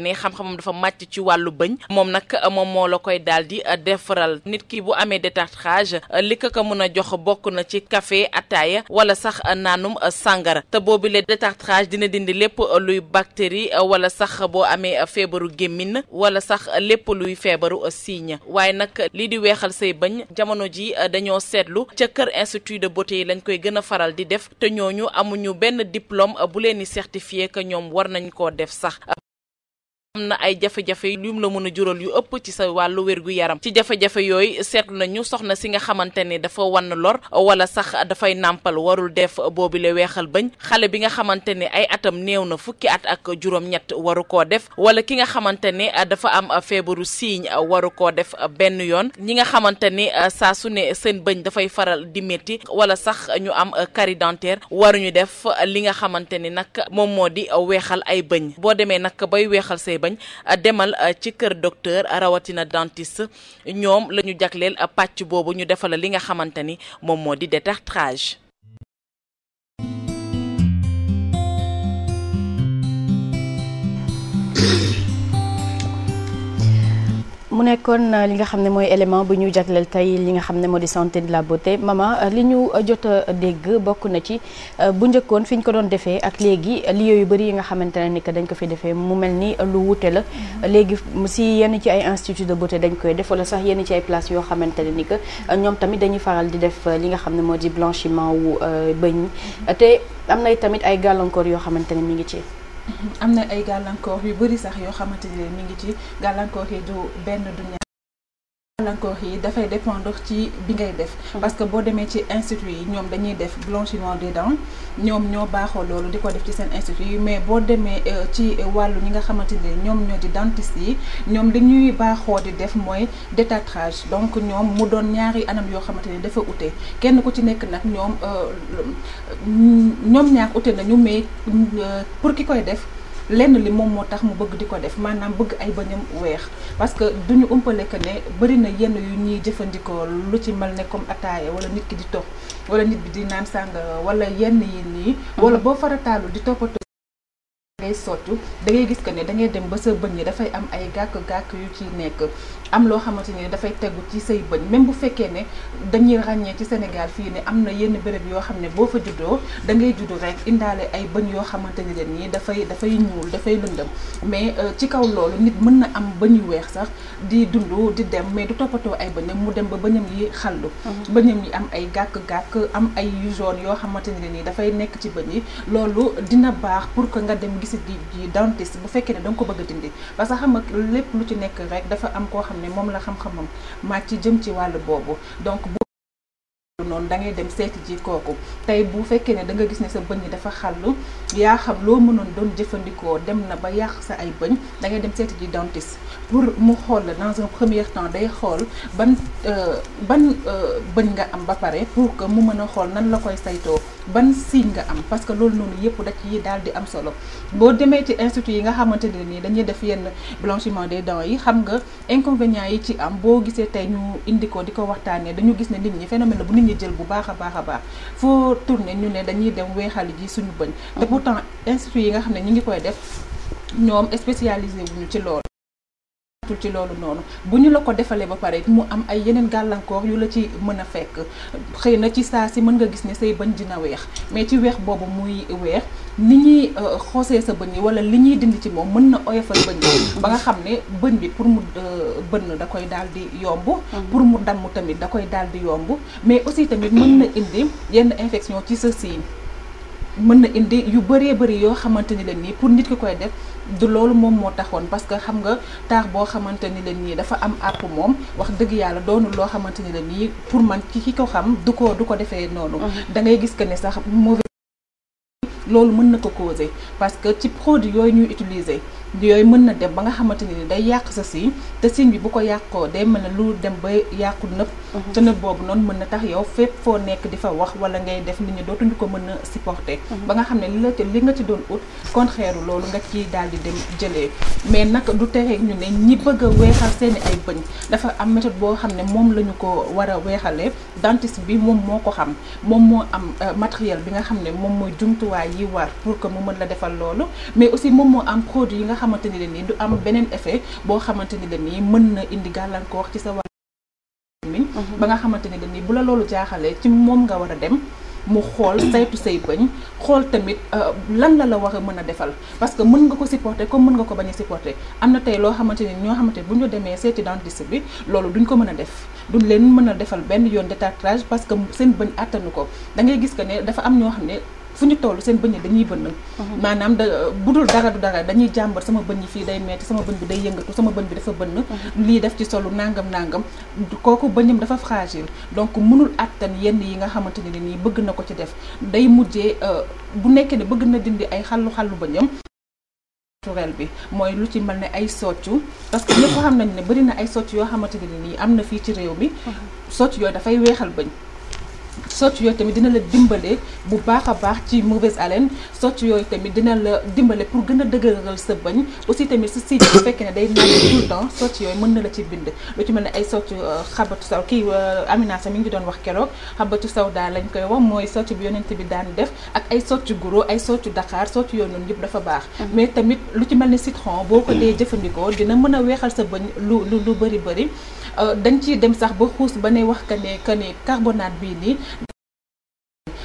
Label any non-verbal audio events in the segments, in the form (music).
ne xam-xamam dafa màcc ci wàllu bëñ moom nag euh, moom moo la koy daal di euh, defaral nit ki bu amee détartrage euh, li ko ko mën a jox bokk na ci café ataaya wala sax naanum sàngara te boobu le détartrage dina dindi lépp luy bactérie wala sax boo amee feebaru gémmin wala sax lépp luy feebaru siiñ waaye nag lii di weexal say bëñ jamono ji dañoo seetlu ca kër institut de beauté yi lañ koy gën a faral di def te ñooñu amuñu benn diplôme bu leen di certifié que ñoom war nañ koo def sax am na ay jafe-jafe yum la mën a jural yu ëpp ci sa wàllu wérgu yaram ci jafe-jafe yooyu seetlu nañu soxna si nga xamante ne dafa wan lor wala sax dafay nàmpal warul def boobu weexal bañ xale bi nga xamante ne ay atam néew na fukki at ak juróom-ñett waru koo def wala ki nga xamante ne dafa am feebaru siiñ waru koo def benn yoon ñi nga xamante ne euh, saa su ne seen bëñ dafay faral di métti wala sax ñu am euh, carie dentaire waruñu def li nga xamante ni nag moom moo di weexal ay bëñ boo demee nag bay weexal say ngay bañ euh, demal euh, ci kër docteur rawatina dentiste ñoom la ñu jagleel euh, pàcc boobu ñu defal li nga xamante ni moom moo di détartrage mu nekkoon euh, li nga xam ne mooy élément bu ñuy jagleel tey li nga xam ne moo di santé de la beauté maman euh, li ñu euh, jot a dégg bokk na ci bu njëkkoon fi ñu ko doon defee ak léegi li yu bëri yi nga xamante ne ni que dañ ko fi defee mu mel ni lu wute la. Mm-hmm. léegi si yenn ci ay institut de beauté dañ koy def wala sax yenn ci ay place yoo xamante ne ni que ñoom tamit dañuy faral di def li nga xam ne moo di blanchiment wu bëñ mm-hmm. te am na tamit ay gàllankoor yoo xamante ne mi ngi ci. am na ay gàllankoor yu bari sax yoo xamante ne mi ngi ci gàllankoor yi du benn du gàllankoor yi dafay dépendre ci bi ngay def parce que boo demee ci institut yi ñoom dañuy def blanchiment des dents ñoom ñoo baaxoo loolu di ko def ci seen institut yi mais boo demee euh, ci wàllu ñi nga xamante ni ñoom ñoo di dentiste yi ñoom li ñuy baaxoo di def mooy détartrage donc ñoom mu doon ñaari anam yoo xamante ni dafa ute kenn ku ci nekk nag ñoom euh, ñoom ñaar ute ñu may euh, pour ki koy def lenn li moom moo tax mu bëgg di ko def maanaam bëgg ay bëñam weex parce que duñu umpale que ne bëri na yenn yu ñuy jëfandikoo lu ci mel ne comme ataaya wala nit ki di tox wala nit bi di naan sàng wala yenn yi nii wala boo farataalu di toppatoo ngay sottu da ngay gis que ne da ngay dem ba sa bëñ yi dafay am ay gàkk-gàkk yu ci nekk am loo xamante ni dafay tegu ci say bëñ même bu fekkee ne dañuy ràññee ci Sénégal fii ne am na yenn béréb yoo xam ne boo fa juddoo da ngay juddu rek indaale ay bëñ yoo xamante ni leen nii dafay dafay ñuul dafay lëndëm mais euh, ci kaw loolu nit mën na am bëñ yu weex sax di dund di dem mais du toppatoo ay bëñam mu dem ba bëñam yi xallu mhm. bëñam yi am ay gàkk-gàkk am ay yu yoo xamante ne nii dafay nekk ci bëñ yi loolu dina baax pour que nga dem gisi di ji dentiste bu fekkee ne danga ko bëgg a dindi parce que xam nga lépp lu ci nekk rek dafa am koo xam ne moom la xam-xamam màcc ci jëm ci wàll boobu donc noonu da ngay dem seeti ji kooku tey bu fekkee ne da nga gis ne sa bëñ yi dafa xàllu yaa xam loo mënoon doon jëfandikoo dem na ba yàq sa ay bëñ da ngay dem seeti ji dentiste pour mu xool la dans un premier temps day xool ban euh, ban euh, bëñ nga am ba pare pour que mu mën a xool nan la koy saytoo ban signe nga am parce que loolu noonu yëpp da ciy daal di am solo boo demee ci institut yi nga xamante ne nii dañuy def yenn blanchiment des dents yi xam nga inconvénient yi ci am boo gisee tey ñu indi ko di ko waxtaanee dañu gis ne nit ñi phénomène bu nit ñi jël bu baax a baax a baax foo tourné ñu ne dañuy dem weexali ji suñu bëñ te mhm. pourtant institut yi nga xam ne ñi ngi koy def ñoom spécialisé wuñu ci lool tul ci loolu noonu bu ñu la ko defalee ba pare mu am ay yeneen gàllankoor yu la ci mën a fekk xëy na ci saa si mën nga gis ne say bëñ dina weex mais ci weex boobu muy weex ni ñuy euh, xoosee sa bëñ yi wala li ñuy dind ci moom mën na oyofal bëñ bi (coughs) ba nga xam ne bëñ bi pour mu euh, bënn da koy daal di yomb mm-hmm. pour mu tamit da koy daal di yomb mais aussi tamit mën na indi yenn infection ci sa siiñ mën na indi yu bëree bëri yoo xamante ni la nii pour nit ki koy def du loolu moom moo taxoon parce que xam nga taax boo xamante ni la dafa am àpp moom wax dëgg yàlla doonul loo xamante ni la nii pour man ki ki ko xam du ko du ko defee noonu mhm. da ngay gis que ne sax mauvais loolu mën na ko causer parce que ci produit yooyu ñuy utiliser yooyu mën na dem ba nga xamante ni day yàq sa signe te signe bi bu ko yàqoo day mën a lu dem ba yàqu nëpp mhm. te nëpp boobu noonu mën na tax yow fépp foo nekk di fa wax wala ngay def nit ñi dootuñu ko mën a supporter mhm. ba nga xam ne li la li nga ci doon ut contraire loolu nga ciy daal di dem jëlee mais nag du tere ñu ne ñi bëgg a weexal seen i ay bëñ dafa am méthode boo xam ne moom la ñu ko war a weexalee dentiste bi moom moo ko xam moom moo am euh, matériel bi nga xam ne moom mooy jumtuwaay yi war pour que mu mën la defal loolu mais aussi moom moo am produit yi nga xamante ni leen nii du am beneen effet boo xamante ni leen nii mën na indi gàllankoor ci sa wàllu mhm. ba nga xamante ni leen nii bu la loolu jaaxalee ci moom nga war a dem mu xool mhm. saytu say bëñ xool tamit euh, lan la la war a mën a defal parce que mën nga ko supporter comme mën nga ko bañ a supporter am na tey loo xamante ni ñoo xamante ni bu ñu demee seeti dentiste bi loolu duñ ko mën a def du leen mën a defal benn yoon détartrage parce que seen bëñ attanu ko da ngay gis que ne dafa am ñoo xam ne fu ñu toll seen bëñ dañuy bënn mhm. maanaam da bu dul dara du dara dañuy jàmbar sama bëñ fii day metti sama bëñ bi day yëngatu sama bëñ bi dafa bënn mhm. lii def ci solu nangam nangam kooku bëñam dafa fragile donc mënul attan yenn yi nga xamante ne nii bëgg na ko ci def day mujje euh, bu nekkee ne bëgg na dindi ay xallu xallu bëñam naturel bi mooy lu ci mel ne ay soccu parce que ñëpp xam nañ ne bari na ay soccu yoo xamante ne nii am na fii ci réew mi mhm. soccu yooyu dafay weexal bëñ socc yooyu tamit dina la dimbale bu baax a baax ci mauvaise haleine socc yooyu tamit dina la dimbale pour gën a dëgëral sa bañ aussi tamit si signe bu fekkee day naan tout le mën na la ci bind lu ci mel ne ay socc euh, xabatu saw kii euh, Amina sa mi ngi doon wax keroog xabatu saw daal lañ koy wax mooy socc bi yonent bi daan def ak ay socc guro ay socc Dakar socc yooyu noonu yëpp dafa baax mm-hmm. mais tamit lu ci mel ne citron boo ko dee mm-hmm. jëfandikoo dina mën a weexal sa bëñ lu lu lu bëri bëri dañ ciy dem sax ba xuus ba ne wax ko ne que ne carbonate bii nii.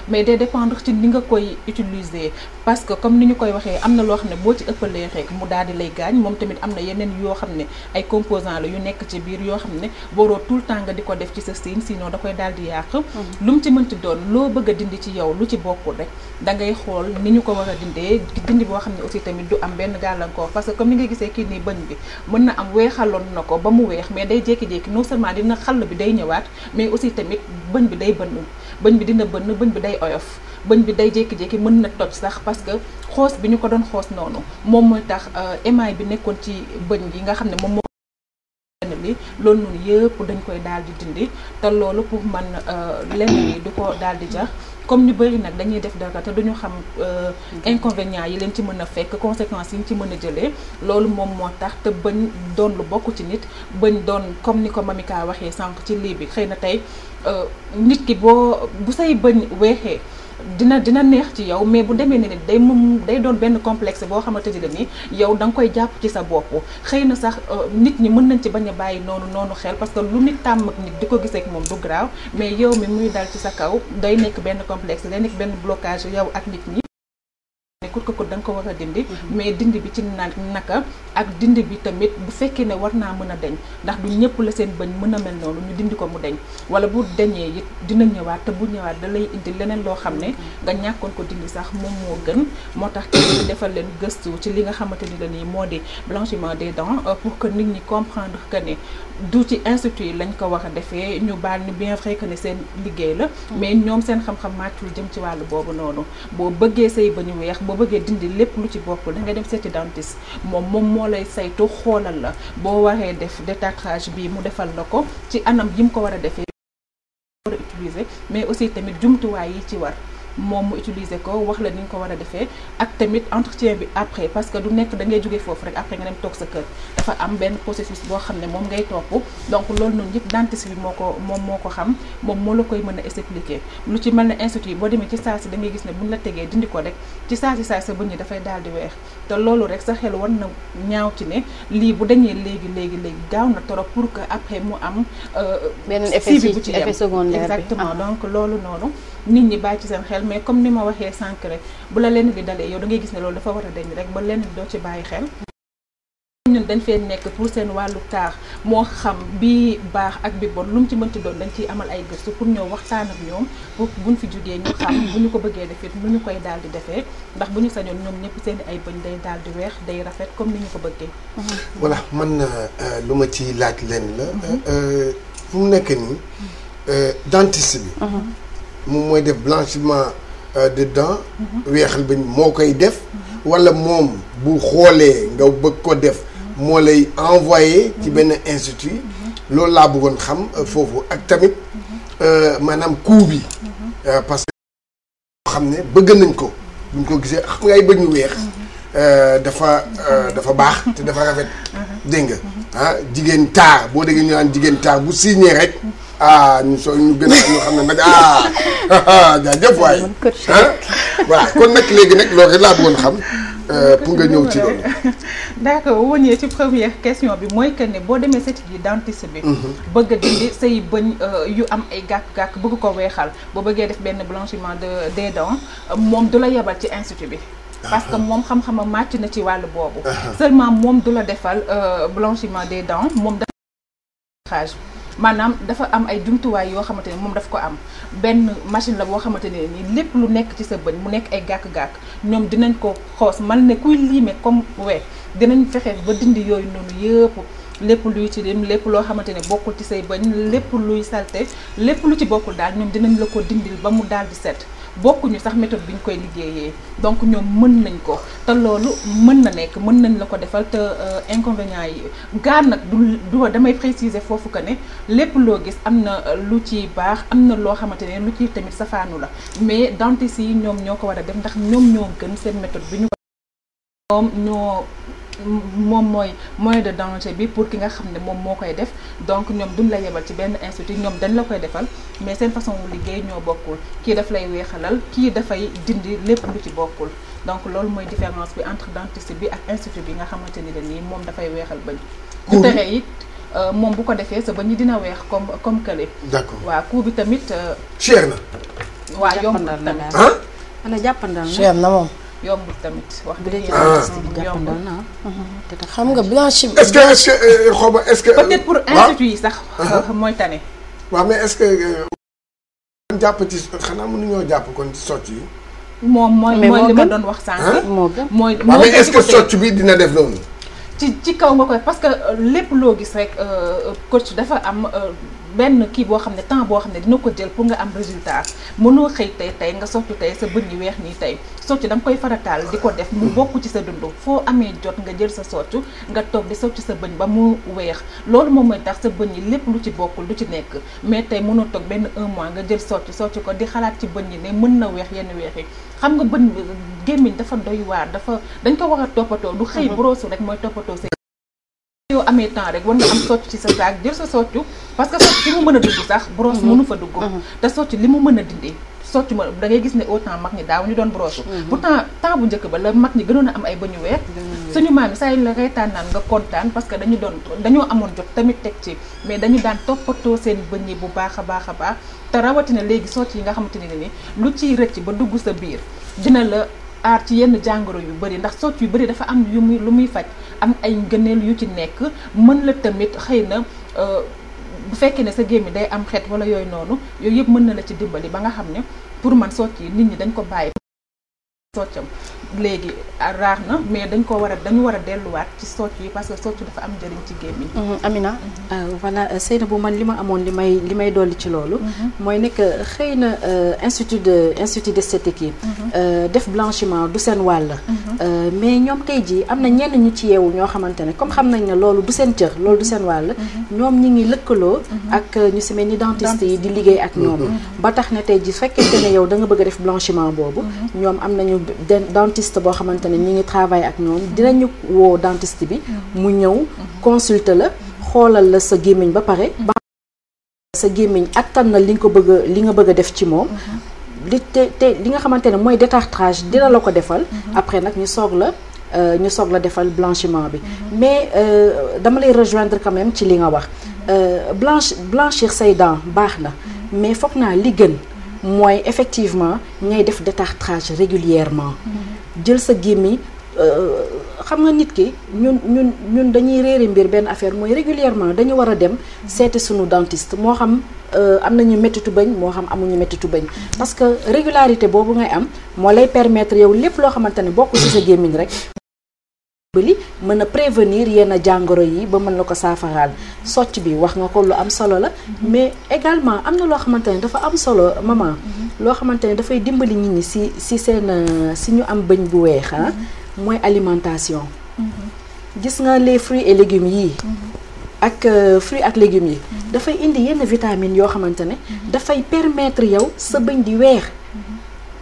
mais day dépendre ci ni nga koy utiliser parce que comme ni ñu koy waxee am na loo xam ne boo ci ëppalee rek mu daal lay gaañ moom tamit am na yeneen yoo xam ne ay composant la yu nekk ci biir yoo xam ne booroo tout le temps nga di ko def ci sa siin sinon da koy daal di yàq mm-hmm. lu mu ci mënti doon loo bëgg a dindi ci yow lu ci bokkul rek da ngay xool ni ñu ko war a dindee dindi boo xam ne aussi tamit du am benn gàllankoor parce que comme ni nga gisee kii nii bëñ bi mën na am weexaloon na ko ba mu weex mais day jékki-jékki seulement dina xàll bi day ñëwaat mais aussi tamit bëñ bi day bënn bëñ bi dina bënn bëñ bi day oyof bëñ bi day jékki-jékki mën na toj sax parce que xoos bi ñu ko doon xoos noonu moom mooy tax euh, émail bi nekkoon ci bëñ yi nga xam ne moom moo bi loolu noonu yëpp dañ koy daal di dindi te loolu pour man euh, lenn yi du ko daal di jar comme ñu bëri nag dañuy def dara te duñu xam euh, euh, inconvénients yi leen ci mën a fekk conséquences yi ñu ci mën a jëlee loolu moom moo tax te bañ doon lu bokk ci nit bañ doon comme ni ko kaa waxee sànq ci lii bi xëy na tey euh, nit ki boo bu say bañ weexee dina dina neex ci yow mais bu demee ni ni day moom day doon benn complexe boo xamante ne ni yow da nga koy jàpp ci sa bopp xëy na sax euh, nit ñi mën nañ ci bañ a bàyyi noonu noonu xel parce que lu nit tàmm ak nit di ko gisee ak moom du grave mais yow mi muy dal ci sa kaw day nekk benn complexe day nekk benn blocage yow ak nit ñi coûte que coûte da nga ko war a dindi mhm. mais dindi bi ci na naka ak dindi bi tamit bu fekkee ne war naa mën a deñ ndax du ñëpp la seen bëñ mën a mel noonu ñu dindi ko mu deñ wala bu deñee yi dina ñëwaat te bu ñëwaat da lay indi leneen loo xam ne mhm. nga ñàkkoon ko dindi sax moom moo gën moo tax te defal leen gëstu ci li nga xamante ni la nii moo di blanchiment des dents euh, pour que nit ñi comprendre que ne du ci institut yi lañ ko war a defee ñu baal ni bien vrai que ne seen liggéey la mhm. mais ñoom seen xam-xam màccul ci wàllu boobu noonu bëggee dindi lépp lu ci bopp da nga dem seeti dentiste moom moom moo lay saytu xoolal la boo waree def détartrage bi mu defal la ko ci anam yi mu ko war a defee war a utiliser mais aussi tamit jumtuwaay yi ci war moom mu utiliser ko wax la ni nga ko war a defee ak tamit entretien bi après parce que du nekk da ngay jógee foofu rek après nga dem toog sa kër dafa am benn processus boo xam ne moom ngay topp donc loolu noonu yëpp dentiste moo ko moom moo ko xam moom moo la koy mën a lu ci mel ne institut boo demee ci saa da ngay gis ne buñ la tegee dindi rek ci saa si saa dafay daal di weex te loolu rek sa xel war na ñaaw ci ne lii bu dañee léegi léegi léegi gaaw na trop pour que après mu am. Euh, benn effet ci effet secondaire bi exactement donc loolu noonu. nit ñi bàyyi ci seen xel mais comme ni ma waxee sànq rek bu la lenn li dalee yow da ngay gis ne loolu dafa war a dañ rek ba lenn doo ci bàyyi xel ñun dañ fee nekk pour seen wàllu taax moo xam bi baax ak bi bon lu mu ci doon dañ ciy amal ay gëstu pour ñoo waxtaan ak ñoom pour buñ fi jógee ñu xam bu ñu ko bëggee defit nu ñu koy daal di defee ndax bu ñu sañoon ñoom ñëpp seen ay bëñ day daal di weex day rafet comme ni ñu ko bëggee mën mhm. man euh, lu ma ci laaj leen la mhm. euh, euh, mu nekk nii dentiste bi mhm. moom mooy def blanchiment euh, de dents weexal bi moo koy def wala moom bu xoolee nga bëgg ko def moo lay envoyé ci benn institut loolu laa bëggoon xam euh, foofu ak tamit euh, maanaam coût bi parce que xam ne bëgg nañ ko buñ ko gisee xam nga ay bëñ weex dafa dafa baax te dafa rafet mhm. dégg nga ah jigéen taa boo déggee ñu naan jigéen taa bu signé rek ah ñu soo ñu gën a ñu xam ne nag ah, ah jaajëf waay ah voilà kon nag léegi nag loolu rek laa bëggoon xam euh, pour nga ñëw ci loolu. (laughs) d'accord boo ñëwee ci première question bi mooy que ne boo demee sa ci dentiste bi. Mhm. bëgg a dindi say bëñ euh, yu am ay gàkk-gàkk bëgg ko weexal boo bëggee def benn blanchiment de des dents moom du la yebal ci institut bi. Ah, parce que ah. moom xam a màcc na ci wàll boobu. seulement moom du la defal euh, blanchiment des dents moom dafa maanaam dafa am ay jumtuwaay yoo xamante ne moom daf ko am benn machine la boo xamante ne nii lépp lu nekk ci sa bëñ mu nekk ay gàkk-gàkk ñoom dinañ ko xoos man ne kuy liime comme we dinañ fexee ba dindi yooyu noonu yëpp lépp luy ci dem lépp loo xamante ne bokkul ci say bëñ lépp luy salte lépp lu ci bokkul daal ñoom dinañ la ko dindi ba mu daal di set bokkuñu sax méthode bi ñu koy liggéeyee donc ñoom mën nañ ko te loolu mën na nekk mën nañ la ko defal te euh, inconvénient yi gaan nag du du damay préciser foofu que ne lépp loo gis am na euh, lu ci baax am na loo xamante ne lu ci tamit safaanu la mais dentiste yi ñoom ñoo ko war a def ndax ñoom ñoo gën seen méthode bi ñu ko moom mooy moyen de danger bi pour ki nga xam ne moom moo koy def donc ñoom duñ la yebal ci benn institut ñoom dañ la koy defal mais seen façon wu liggéey ñoo bokkul kii daf lay weexalal kii dafay dindi lépp lu ci bokkul donc loolu mooy différence bi entre dentiste bi ak institut bi nga xamante ni nii moom dafay weexal bañ du tere it euh, moom bu ko defee sa ba ñu dina weex comme comme kële d'accord waa coût bi tamit euh, cher na waaw yomb na tamit ah ana jàppandal cher na moom yombul tamit wax dëgg yàlla yombul xam nga blanchi. est-ce que est-ce que euh, xaw ce que. peut-être euh, pour institut yi sax. Uh-huh. (laughs) mooy tane. mais est-ce que. kon euh, jàpp ci xanaa mënuñoo jàpp kon ci socc yi. moom mooy mooy li ma doon wax sànq. moo gën mooy waaw mais est que socc bi dina def loolu. ci ci kaw nga koy parce que lépp loo gis rek coach dafa am. benn kii boo xam ne temps boo xam ne dina ko jël pour nga am résultat mënoo xëy tey tey nga sotti tey sa bët yi weex nii tey soccu da koy farataal di ko def mu bokk ci sa dund foo amee jot nga jël sa soccu nga toog di soccu sa bëñ ba mu weex loolu moom mooy tax sa bëñ yi lépp lu ci bokkul du ci nekk mais tey mënoo toog benn un nga jël soccu soccu ko di xalaat ci bëñ yi ne mën na weex yenn weex yi xam nga bëñ gémmiñ dafa doy dafa dañ ko war toppatoo du xëy mhm. brosse rek mooy toppatoo sa yoo amee temps rek war nga am soccu ci sa saak jël sa soccu parce que socc fi mu mën a dugg sax brosse mhm. mënu fa dugg mhm. te socc li mu mën a dindi socc ma da ngay gis ne au temps mag ñi daaw ñu doon brosse mhm. pourtant temps bu njëkk ba la mag ñi ay bañu weer suñu maam saa la reetaan naan nga kontaan parce que dañu doon dañoo amoon jot tamit teg ci mais dañu daan toppatoo seen bëñ yi bu baax a baax a baax te rawatina léegi socc yi nga xamante ne ni lu ciy rëcc ba dugg sa biir dina la aar ci yenn jàngoro yu bëri ndax socc yu bëri dafa am yu muy lu muy faj am ay ngëneel yu ci nekk mën la tamit xëy na euh, bu fekkee ne sa gémmi day am xet wala yooyu noonu yooyu yëpp mën na la ci dimbali ba nga xam ne pour man socc yi nit ñi dañ ko bàyyi soccam léegi ah, raax na mais dañ ko war a dañu war a delluwaat ci socc yi parce que socc dafa am njëriñ ci gémmiñ mm-hmm. Amina mm-hmm. Ah, voilà euh, Seynabou man li ma amoon li may li may dolli ci loolu mm-hmm. mooy nekk euh, xëy na euh, institut de de d'esthétique yi def blanchiment du seen wàll mais ñoom tey jii am na ñenn ñu ci yeewu ñoo xamante ne comme xam nañ ne loolu du seen cër loolu du seen wàll ñoom ñu ngi lëkkaloo ak ñu si mel ni dentiste yi di liggéey ak ñoom ba tax na tey ji fekkente yow da nga bëgg a def blanchiment boobu dentiste boo xamante ne ñi ngi travail ak ñoom dinañu woo dentiste bi mu ñëw consulter la xoolal la sa gémmiñ ba pare ba sa gémmiñ attan na li nga ko bëgg li nga bëgg a def ci moom li te li nga xamante ne mooy détartrage dina la ko defal après nag ñu soog la euh, ñu soog la defal blanchiment bi mais euh, dama lay rejoindre quand ci li nga wax euh, blanche blanchir say dents baax na mais foog naa li gën mooy effectivement ngay def détartrage régulièrement jël sa gémmi euh, xam nga nit ki ñun ñun ñun dañuy réere mbir benn affaire mooy régulièrement dañu war a dem seete suñu dentiste moo xam euh, am nañu méttitu bëñ moo xam amuñu méttitu bëñ parce que régularité boobu ngay am moo lay permettre yow lépp loo xamante ne bokk ci sa gémmiñ rek bali mën a prévenir yenn jàngoro yi ba mën la ko saafaraal socc bi wax nga ko lu am solo la mais également am na loo xamante ne dafa am solo maman loo xamante ne dafay dimbali nit ñi si si seen euh, si ñu am bëñ bu weexa ah, mooy alimentation gis nga les fruits et légumes yii ak euh, fruits ak légumes yi dafay indi yenn vitamines yoo xamante ne dafay permettre yow sa bëñ di weex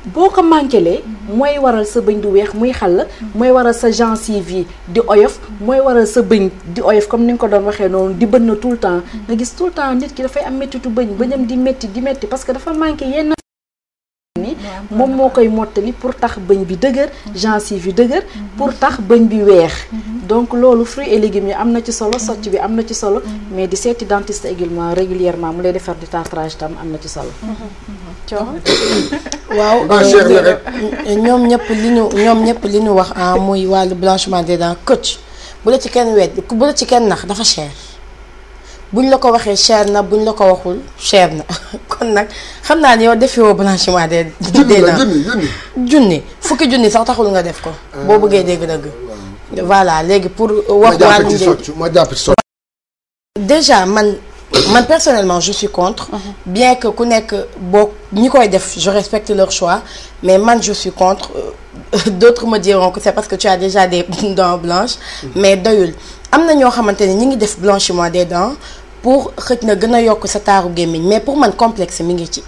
boo ko manquélee mooy waral sa bëñ du weex muy xal la mooy waral sa gencive yi di oyof mooy waral sa bëñ di oyof comme ni nga ko doon waxee noonu di bënn tout le temps nga gis tout temps nit ki dafay am méttitu bëñ bëñam di métti di métti parce que dafa manqué yenn moom moo koy mottali pour tax bëñ bi dëgër gencive yu dëgër pour tax bëñ bi weex mhm. donc loolu fruits et légumes yi am na ci solo socc bi am na ci solo mhm. mais di seeti dentiste également régulièrement mu lay defar di tartrage tam am na ci solo mhm. (laughs) waaw euh, euh, ñoom ñëpp li ñu ñoom ñëpp li ñu wax ah muy wàllu blanchiment des dents coach bu la ci kenn wedd bu la ci kenn nax dafa cher buñ la ko waxee chair na buñ la ko waxul cher na (laughs) kon nag xam naa ne yow defewoo blanchiment de. dee naa junni fukki junni sax taxul nga def ko. Euh, boo bëggee dégg dëgg voilà léegi pour. wax wàllu njëriñ ma jàpp ci déjà man man personnellement je suis contre. Mhm. bien que ku nekk boo ñi koy def je respecte leur choix mais man je suis contre euh, (laughs) d'autres ma diront que c'est parce que tu as déjà des (laughs) dents blanches mhm. mais doyul am na ñoo xamante ne ñi ngi def blanchiment des dents. pour xëj na gën a yokk sa taaru gémmiñ mais pour man complexe mi ngi ci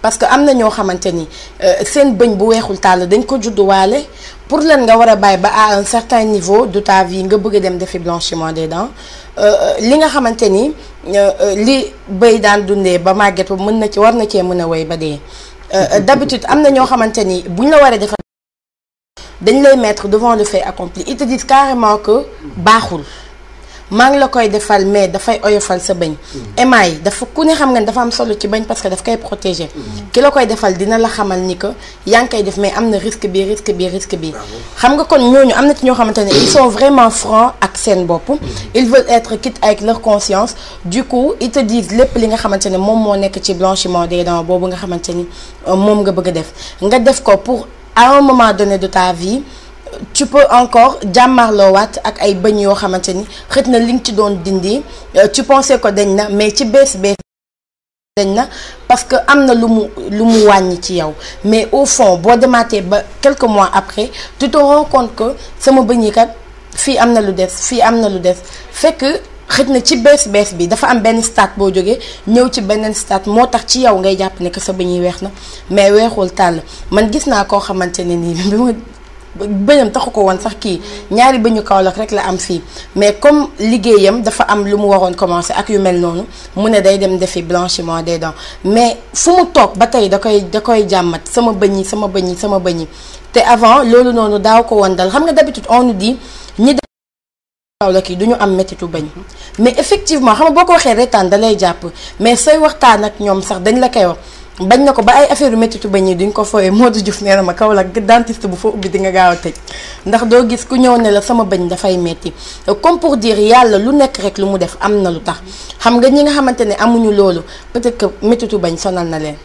parce que am na ñoo xamante ni euh, seen bëñ bu weexul tàll dañ ko judduwaale pour len nga war a bàyyi ba à un certain niveau de ta vie nga bëgg a dem defi blanchiment des dents euh, euh, li nga xamante ni li bëy daan dundee ba màgget ba mën na ci war na cee mën a woy ba dee d'habitude am na ñoo xamante ni buñ la waree a defar dañ lay mettre devant le fait accompli ils te disent carrément que baaxul maa ngi la koy defal mais dafay oyofal sa bañ. émail mm. dafa ku ne xam nga dafa am solo ci bañ parce que daf koy protéger. Mm. ki la koy defal dina la xamal ni que yaa ngi koy def mais am na risque bi risque bi risque bi. Ah xam nga kon ñooñu am na ci ñoo xamante ne ils sont vraiment francs ak seen bopp. Mm. ils veulent être quitte avec leur conscience du coup ils te lépp li nga xamante ne moom moo nekk ci blanchiment des dents boobu nga xamante ni euh, moom nga bëgg a def nga def ko pour à un moment donné ta vie. tu peux encore jàmmarloowaat ak ay bëñ yoo xamante ni xët na li nga ci doon dindi euh, tu pensais ko dañ na mais ci bees bees dañ na parce que am na mu lu mu wàññi ci yow mais au fond boo demaatee ba quelques mois après tu te rends sama bëñ fii am na lu des fii am na lu des fekk xëj na ci bees bees bi dafa am benn stade boo jógee ñëw ci beneen stade moo tax ci yow ngay jàpp ne que sa bëñ yi weex na mais weexul tàll man gis naa koo xamante ne nii (laughs) bëñam taxu ko woon sax kii ñaari bëñu Kaolack rek la am fii mais comme liggéeyam dafa am lu mu waroon commencer ak yu mel noonu mu ne day dem defi blanchiment des dents mais fu mu toog ba tey da koy da koy jàmmat sama bëñ yi sama bëñ yi sama bëñ yi te avant loolu noonu daaw ko woon dal xam nga d'habitude on nous dit ñi Kaolack yi du ñu am métitu bañ mais effectivement xam nga boo ko waxee retaan da lay jàpp mais say waxtaan ak ñoom sax dañ la koy wax bañ na ko ba ay affaire yu méttitu ba ñii duñ ko fooyee Modou Diouf nee na ma Kaolack dentiste bu foo ubbi di nga gaaw a tëj ndax doo gis ku ñëw ne la sama bañ dafay metti comme pour dire yàlla lu nekk rek lu mu def am na lu tax xam nga ñi nga xamante ne amuñu loolu peut que méttitu bañ sonal na leen.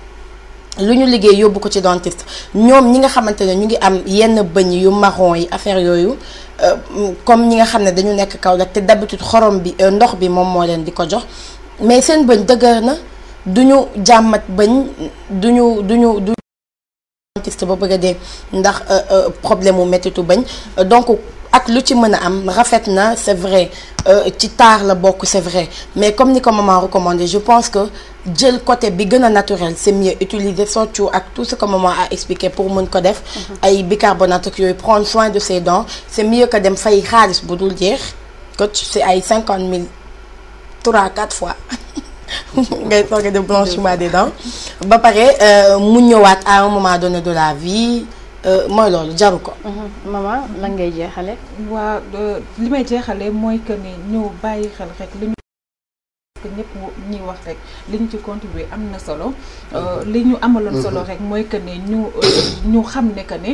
lu ñu liggéey yóbbu ko ci dentiste ñoom ñi nga xamante ne ñu ngi am yenn bëñ yu marron yi affaire yooyu euh, comme ñi nga xam ne dañu nekk Kaolack te d'habitude xorom bi euh, ndox bi moom moo leen di ko jox mais seen bëñ dëgër na. duñu jàmmat bañ duñu duñu du dentiste ba bëgg a dee ndax euh, euh, problème mu méttitu bañ donc ak lu ci mën a am rafet na c'est vrai euh, ci taar la bokk c'est vrai mais comme ni ko maman recommandé je pense que jël côté bi gëna a naturel c'est mieux utiliser soccu ak tout ce que maman a expliqué pour mun ko def mm-hmm. ay bicarbonate ak yooyu prendre soin de ses dents c'est mieux que dem fay xaalis bu dul jeex que c'est ay cinquante mille trois quatre fois (laughs) (laughs) ngay toog de blanchiment des dents ba pare euh, mu ñëwaat à un moment donné de la vie euh, mooy loolu jaru ko. Mhm. maman lan ngay jeexale. waa euh, li may jeexale mooy que ni ñu bàyyi xel rek li ñu. ñuy wax rek li ñu ci contribuer am na solo mhm. li ñu amaloon solo mhm. rek mooy que ne ñu ñu xam ne que ne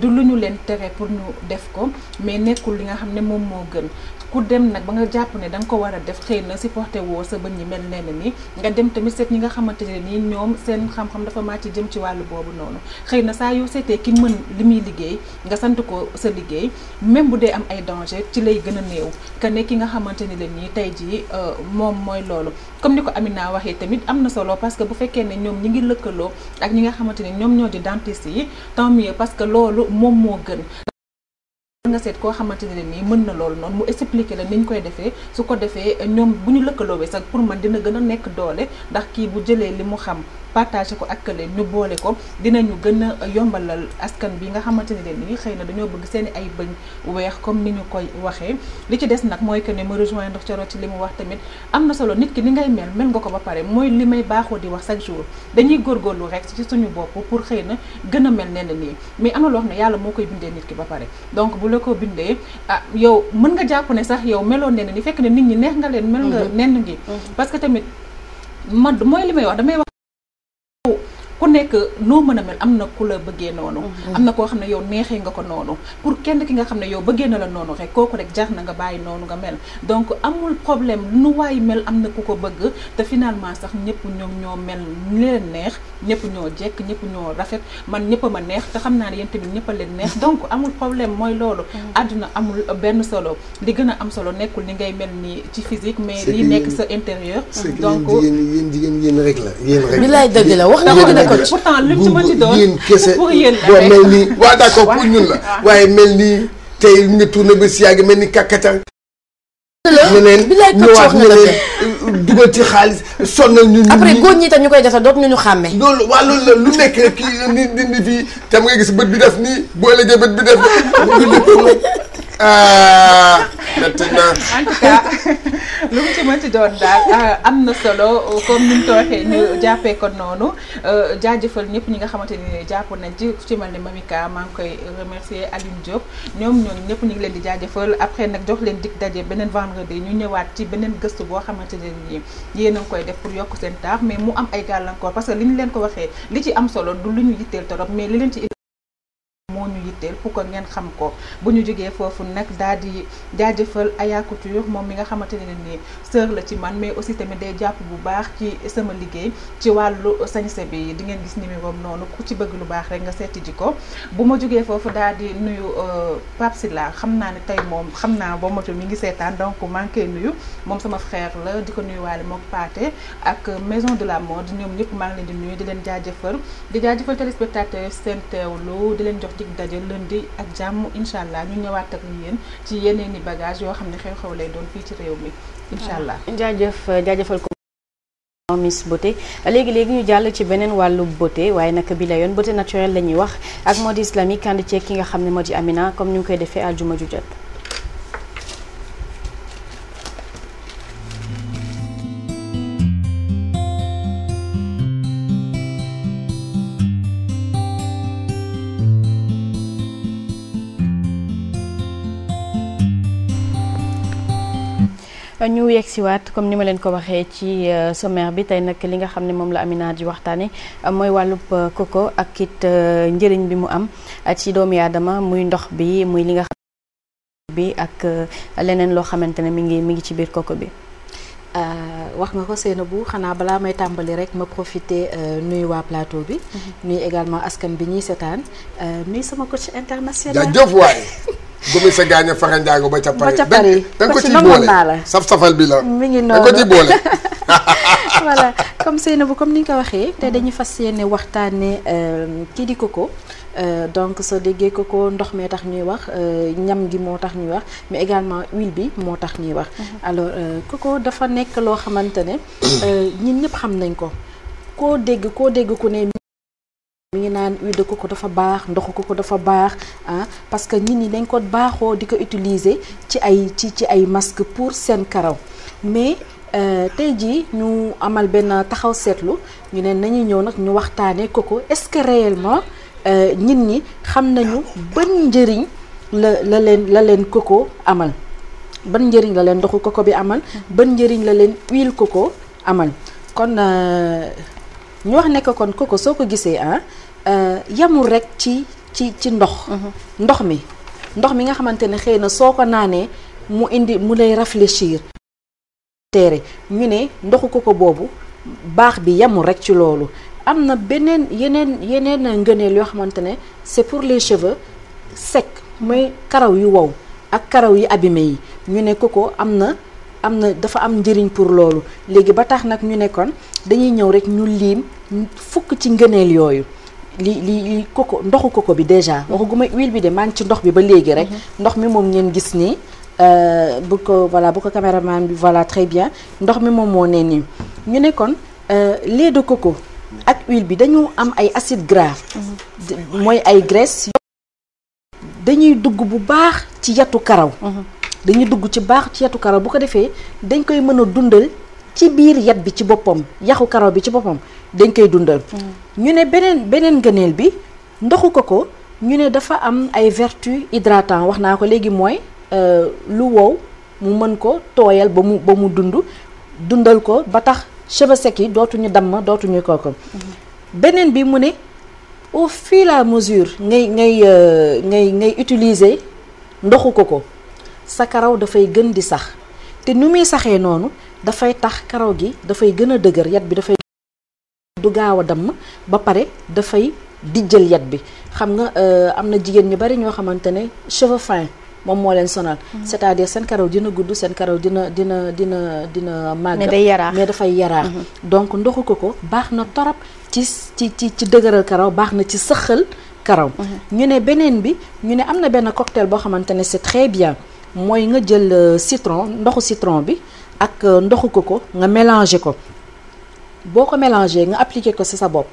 du lu ñu leen tere pour ñu def ko mais nekkul li nga xam ne moom moo gën ku dem nag ba nga jàpp ne danga ko war a def xëy na si porté woo sa bën ñi mel nee na ni nga dem tamit seet ñi nga xamante ne nii ñoom seen xam-xam dafa màcc jëm ci wàllu boobu noonu xëy na saa yoo seetee ki mën li muy liggéey nga sant ko sa liggéey même bu dee am ay danger ci lay gën a néew que ne ki nga xamante ne la nii tey jii euh, moom mooy loolu comme ni ko Amina waxee tamit am na solo parce que bu fekkee ne ñoom ñi ngi lëkkaloo ak ñi nga xamante ne ñoom ñoo di dentiste yi temps mieux parce que loolu moom moo gën mën nga seet koo xamante ne nii mën na loolu noonu mu expliquer la ni ñu koy defee su ko defee ñoom bu ñu lëkkaloobee sax pour man dina gën a nekk doole ndax kii bu jëlee li mu xam partagé ko ak leen ñu boole ko dinañu gën a yombalal askan bi nga xamante ne leen nii xëy na dañoo bëgg seen i ay bëñ weex comme ni ñu koy waxee li ci des nag mooy que ne ma rejoindre Thioro ci li wax tamit am na solo ki ni ngay mel ba pare mooy li may wax chaque jour dañuy góorgóorlu rek ci suñu bopp pour xëy na gën a mel nee na am na loo xam ne yàlla moo koy bindee nit ki ba pare donc bu la ah nga jàpp ne sax yow meloo nee na ni fekk nit ñi neex nga leen mel nga mhm. nenn ngi mhm. parce que tamit man mooy li may wax damay wax ku nekk noo mën a mel am na ku la bëggee noonu mm-hmm. am na koo xam ne yow neexee nga ko noonu pour kenn ki nga xam ne yow bëggee na la noonu rek kooku rek jar na nga bàyyi noonu nga mel donc amul problème nu waay mel am na ku ko bëgg te finalement sax ñëpp ñoom ñoo mel ñu leen neex ñëpp ñoo jekk ñëpp ñoo rafet man ñëpp ma neex te xam naa ne yéen tamit ñëpp leen neex donc amul problème mooy loolu mm-hmm. àdduna amul benn solo li gën a am solo nekkul ni ngay mel ni ci physique mais li nekk sa intérieur donc yéen jigéen yéen rek la yéen rek bilaay dëgg dëgg ko pourtant lu mu ci mën ci doon yéen kese boo ñun la ah. waaye mel nii te nga tourné ba si yàgg mel ni kàkkatan ñeneen ñëwaat ñeneen dugal ci xaalis son ñun après góor ñi tam ñu koy defal dootuñu ñu xàmme loolu waa loolu la lu nekk rek kii ni dindi fii tam nga gis bët bi def nii boo ëllëgee bët bi def nii (laughs) ah. en tout cas lu mu ci mënti doon daal euh, am na solo comme ni mu tooxee ñu jàppee ko noonu euh, jaajëfal ñëpp ñi nga xamante ni jàpp nañ ci ku ci mel ne Mamika maa ngi koy remercier Aline Diop ñoom ñoom ñëpp ñu ngi leen di jaajëfal après nag jox leen dig daje beneen vendredi ñu ñëwaat ci beneen gëstu boo xamante ne nii yéen a ngi koy def pour yokk seen taax mais mu am ay gàllankoor parce que li ñu leen ko waxee li ci am solo du lu ñu yitteel torop mais li leen ci. moo ñu yitteel pour que ngeen xam ko bu ñu jógee foofu nag daal di jaajëfal Aya Couture moom mi nga xamante ne nii sœur la ci man mais aussi tamit day jàpp bu baax ci sama liggéey ci wàllu sañse bi di ngeen gis numéro noonu ku ci bëgg lu baax rek nga seeti ji ko bu ma jógee foofu daal di nuyu euh, Pape Sylla xam naa ne tey moom xam naa boo motul mi ngi seetaan donc manqué nuyu moom sama frère la di ko nuyuwaale moom Paate ak maison de la mode ñoom ñëpp maa ngi leen di nuyu di leen jaajëfal di jaajëfal téléspectateurs seen teewlu di leen jox dig daje di ak jàmm incha allah ñu ñëwaat ak yéen ci yeneen i bagage yoo xam ne xew-xew lay doon fii ci réew mi incha allah jaajëf jaajëfal ko Miss Beauté léegi léegi ñu jàll ci beneen wàllu beauté waaye nag bi la yoon beauté naturelle la ñuy wax ak mode islamique ànd ceeg ki nga xam ne moo di Amina comme ni ñu koy defee aljuma ju jot ñu yegg siwaat comme ni ma leen ko waxee ci euh, sommaire bi tey nag li nga xam ne moom la Amina di waxtaane euh, mooy wàllub koko euh, ak it njëriñ bi mu am ci doomi aadama muy ndox bi muy li nga xam bi ak leneen loo xamante ne mi ngi mi ngi ci biir koko bi wax nga ko seena bu xanaa balaa may tàmbali rek ma profité nuyu waa plateau bi. Mhm. nuyu également askan bi ñuy seetaan mi sama ko ci coach international. jaajëf waay. (laughs) gumi sa gaaña faxe njaago ba ca pare. ba ca pare danga ko ciy boole saf safal bi la. mi ngi noonu da ko ciy boole. (laughs) (laughs) voilà comme Seynabou comme ni nga ko waxee. te dañuy fas yéene waxtaanee euh, kii di Coco. Euh, donc sa déggee Coco ndox mee tax ñuy wax euh, ñam gi moo tax ñuy wax mais également huile bi moo tax ñuy wax. Mhm. alors Coco dafa nekk loo xamante ne. ñun ñëpp xam nañ ko. koo dégg koo dégg ku ne. mu ngi naan huile de coco dafa baax ndoxu coco dafa baax ah parce que nit ñi dañ ko baaxoo di ko utiliser ci ay ci ci ay masque pour seen karaw mais euh, tey jii ñu amal benn taxaw seetlu ñu ne nañu ñëw nag ñu waxtaanee coco est-ce que réellement euh, nit ñi xam nañu ban njëriñ la la leen la leen coco amal ban njëriñ la leen ndoxu coco bi amal ban njëriñ la leen huile coco amal kon euh, ñu wax ne ko kon coco soo ko gisee ah. Euh, yamul rek ci ci ci ndox. Mhm. ndox mi ndox mi nga xamante ne xëy na soo ko naanee mu indi mu lay réfléchir. teere ñu ne ndoxu koko boobu baax bi yamul rek ci loolu am na beneen yeneen yeneen ngëneel yoo xamante ne c'est pour les cheveux secs mooy karaw yu wow ak karaw yi abime yi ñu ne ko am na am na dafa am njëriñ pour loolu léegi ba tax nag ñu nekkoon dañuy ñëw rek ñu liim fukk ci ngëneel yooyu. li li koko ndoxu koko bi déjà mhm. waxaguma huile bi de maa ngi ci ndox bi ba léegi rek mhm. ndox mi moom ngeen gis nii euh, bu ko voilà bu ko caméraman bi voilà très bien ndox mi moom moo ne nii ñu nekkoon kon euh, lait de coco ak huile bi dañu am ay acide gras mhm. mooy ay graisse dañuy dugg bu baax ci yatu karaw dañuy dugg ci baax ci yatu karaw bu ko defee dañ koy mën a dundal ci biir yat bi ci boppam yaxu karaw bi ci boppam dañ koy dundal. Mm. ñu ne beneen beneen gëneel bi ndoxu ko ko ñu ne dafa am ay vertu hydratant wax naa ko léegi mooy euh, lu wow mu mën ko tooyal ba mu ba dund dundal ko ba tax cheveux secs yi dootuñu damm dootuñu ko mm-hmm. beneen bi mu ne au fii la à mesure ngay ngay euh, ngay ngay utiliser ndoxu ko ko sa karaw dafay gën di sax te nu muy saxee noonu. dafay tax karaw gi dafay gën a dëgër yat bi dafay du gaaw a damm ba pare dafay dijjal yat bi xam nga euh, am na jigéen ñu bari ñoo xamante ne cheveux moom moo leen sonal mm-hmm. c'est-à-dire seen karaw dina gudd seen karaw dina dina dina dina màgg mais dafay yaraax mm-hmm. donc ndoxu ko ko baax na torop ci ci ci ci dëgëral karaw baax na ci sëxal karaw mm-hmm. ñu ne beneen bi ñu ne am na benn cocktail boo xamante ne c'est très bien mooy nga jël euh, citron ndoxu citron bi ak euh, ndoxu ko ko nga mélangé ko boo ko mélangé nga appliqué ko ci sa bopp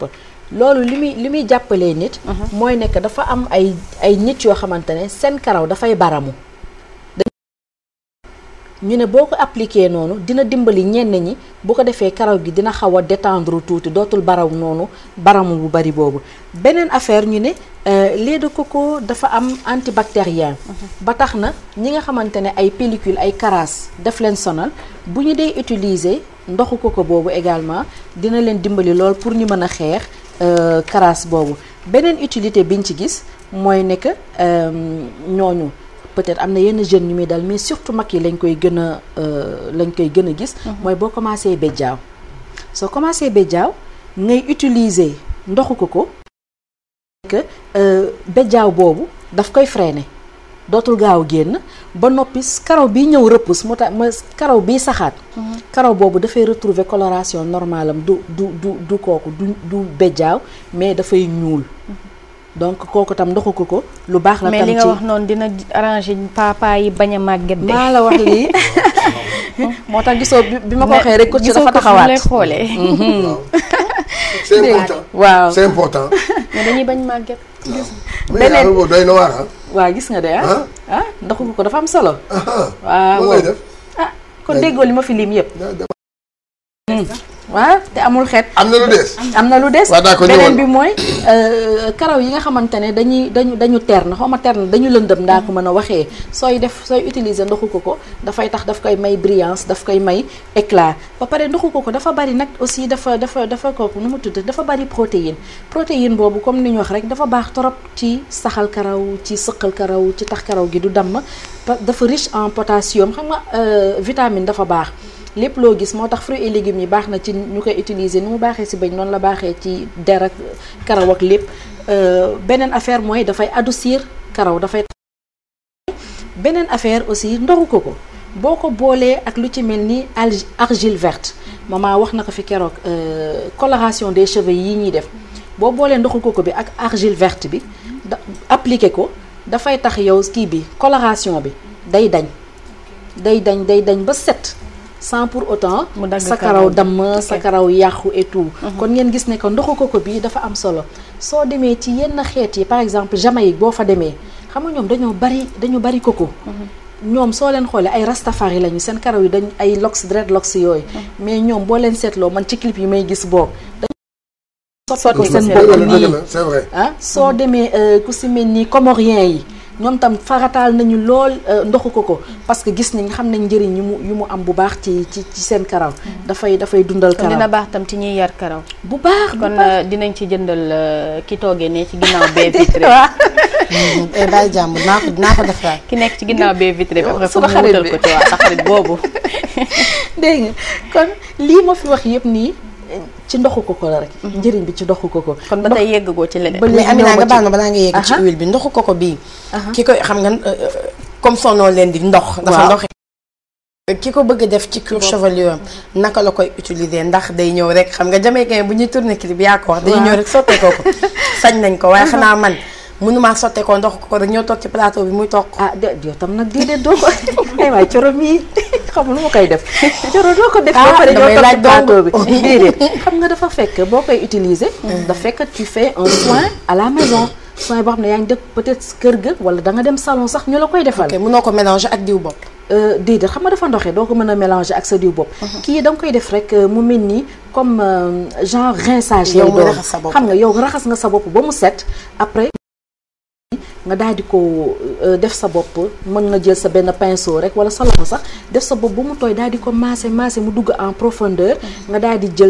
loolu li muy li muy jàppalee nit. Mhm. mooy nekk dafa am ay ay nit yoo xamante ne seen karaw dafay baramu. ñu ne boo ko appliqué noonu dina dimbali ñenn ñi bu ko defee karaw gi dina xaw a détendre tuuti dootul baraw noonu baramu bu bari boobu beneen affaire ñu ne euh, lait ko ko dafa am antibactérien mhm. ba tax na ñi nga xamante ne ay pellicule ay caras daf leen sonal bu ñu dee utiliser ndoxu coco boobu également dina leen dimbali lool pour ñu mën a xeex euh, caras boobu beneen utilité biñ ci gis mooy nekk euh, ñooñu peut-être am na yenn jeunes ñu muy dal mais surtout mag yi lañ koy gën a euh, lañ koy gën a gis. Mhm. mooy boo commencé béjjaaw soo commencé béjjaaw ngay utiliser ndoxu koko que euh, béjjaaw boobu daf koy ne dootul gaaw génn ba noppi karaw bi ñëw repousse mu tax ma karaw bi saxaat. Mhm. karaw boobu dafay retrouver coloration normale am du du du du kooku du du mais dafay ñuul. Mhm. donc kooku tam doxu ko ko lu baax la. tam mais li nga wax noonu dina arrangé papa yi bañ a màgget de. maa la wax lii (laughs) moo tax gisoo bi ma ko waxee rek. ko ci dafa taxawaat gisoo ko lay xoolee. Mhm. c'est important waaw c'est important. mais dañuy bañ màgget. beneen waaw ah, doy na waar ah. waaw gis nga de ah. ah, ah doxu ko dafa am solo. waaw waaw ah kon déggoo li ma fi liim yëpp. waa te amul xet. am na lu des. am na lu des beneen bi mooy. Euh, karaw yi nga xamante ne dañuy dañu dañu terne xaw ma terne dañu lëndëm ndaa ko mën a waxee sooy def sooy utiliser ndoxu ko dafay tax daf koy may brillance daf koy may éclat ba pare ndoxu ko dafa bari nag aussi dafa dafa dafa kooku nu mu tudd dafa bari protéine protéine boobu comme ni ñu wax rek dafa baax torop ci saxal karaw ci sëqal karaw ci tax karaw gi du damm dafa riche en potassium xam nga euh, vitamine dafa baax. lépp loo gis moo tax fruits et légumes yi baax na ci ñu koy utiliser ni mu baaxee si bañ noonu la baaxee ci der ak karaw ak lépp euh, beneen affaire mooy dafay adoucir karaw dafay beneen affaire aussi ndoxu ko ko boo ko boolee ak lu ci mel ni argile verte maman wax na ko fi keroog euh, coloration des cheveux yi ñuy def boo boolee ndoxu koko bi ak argile verte bi da appliqué ko dafay tax yow kii bi coloration bi day dañ day dañ day dañ ba set sans pour autant sa karaw damm sa karaw yàqu et mhm. kon ngeen gis ne que ndoxu koko bii dafa am solo soo demee ci yenn xeet yi par exemple Jamaïque boo fa demee xam nga ñoom dañoo bari dañu bari koko mhm. ñoom soo leen xoolee ay rastafari lañu seen karaw yi dañ ay locks dreadlocks yooyu mhm. mais ñoom boo leen seetloo man ci clip yi may gis boobu dañ sotti seen bopp nii ah soo demee euh, ku si mel ni comorien yi noonu tam farataal nañu lool euh, ndoxu ko ko parce que gis nañ xam nañ njëriñ yu mu yu mu am bu baax ci ci seen karaw dafay dafay dundal karaw dina baax tam ci ñuy yar karaw bu baax kon euh, dinañ ci jëndal euh, ki toogee ne ci ginnaaw bee (laughs) vitré eh, bàyyi jàmm naa ko naa ko def ki nekk ci ginnaaw bee vitré bi après fu ko ci waa sa xarit boobu (laughs) dégg kon lii ma fi wax yëpp nii ci ndoxu koko la rek. Mhm. njëriñ bi ci ndoxu koko. kon ba yegg yeggagoo ci leneen. ba mais Amina nga baal ma balaa nga yegg ci huile bi ndoxu koko bii. ki koy xam nga euh, comme sonnoo leen di ndox. dafa ndox ki ko bëgg def ci cuir chevelu naka la koy utiliser ndax day ñëw rek xam nga jamaïcain bu ñuy tourner clip yaa ko wax. day ñëw rek sottee koko (laughs) sañ nañ ko waaye xanaa man. mënumaa sottee ko ndox ko rek ñoo toog ci plateau bi muy toog. ah de yow tam nag déedéet doo ko aywa coro mii (laughs) xam lu ma koy def. coro doo ko def ah, ba pare ñoo toog ci plateau bi (laughs) déedéet xam nga dafa fekk boo koy utiliser. Mm. dafa fekk tu fais un soin à la maison. soin boo xam ne yaa ngi dëkk peut-être kër ga wala da nga dem salon sax ñu la koy defal. ok mënoo ko mélanger ak diw bopp. Euh, déedéet xam nga dafa ndoxee doo ko mën a mélanger ak sa diw bopp. Mm-hmm. kii da nga koy def rek euh, mu mel ni comme euh, genre rinçage. yow nga raxas sa bopp xam nga yow raxas nga sa bopp ba mu set après. nga daal di ko euh, def sa bopp mën nga jël sa benn pinceau rek wala sa loxo sax def sa bopp bu mu tooy daal di ko maase maase mu dugg en profondeur nga daal di jël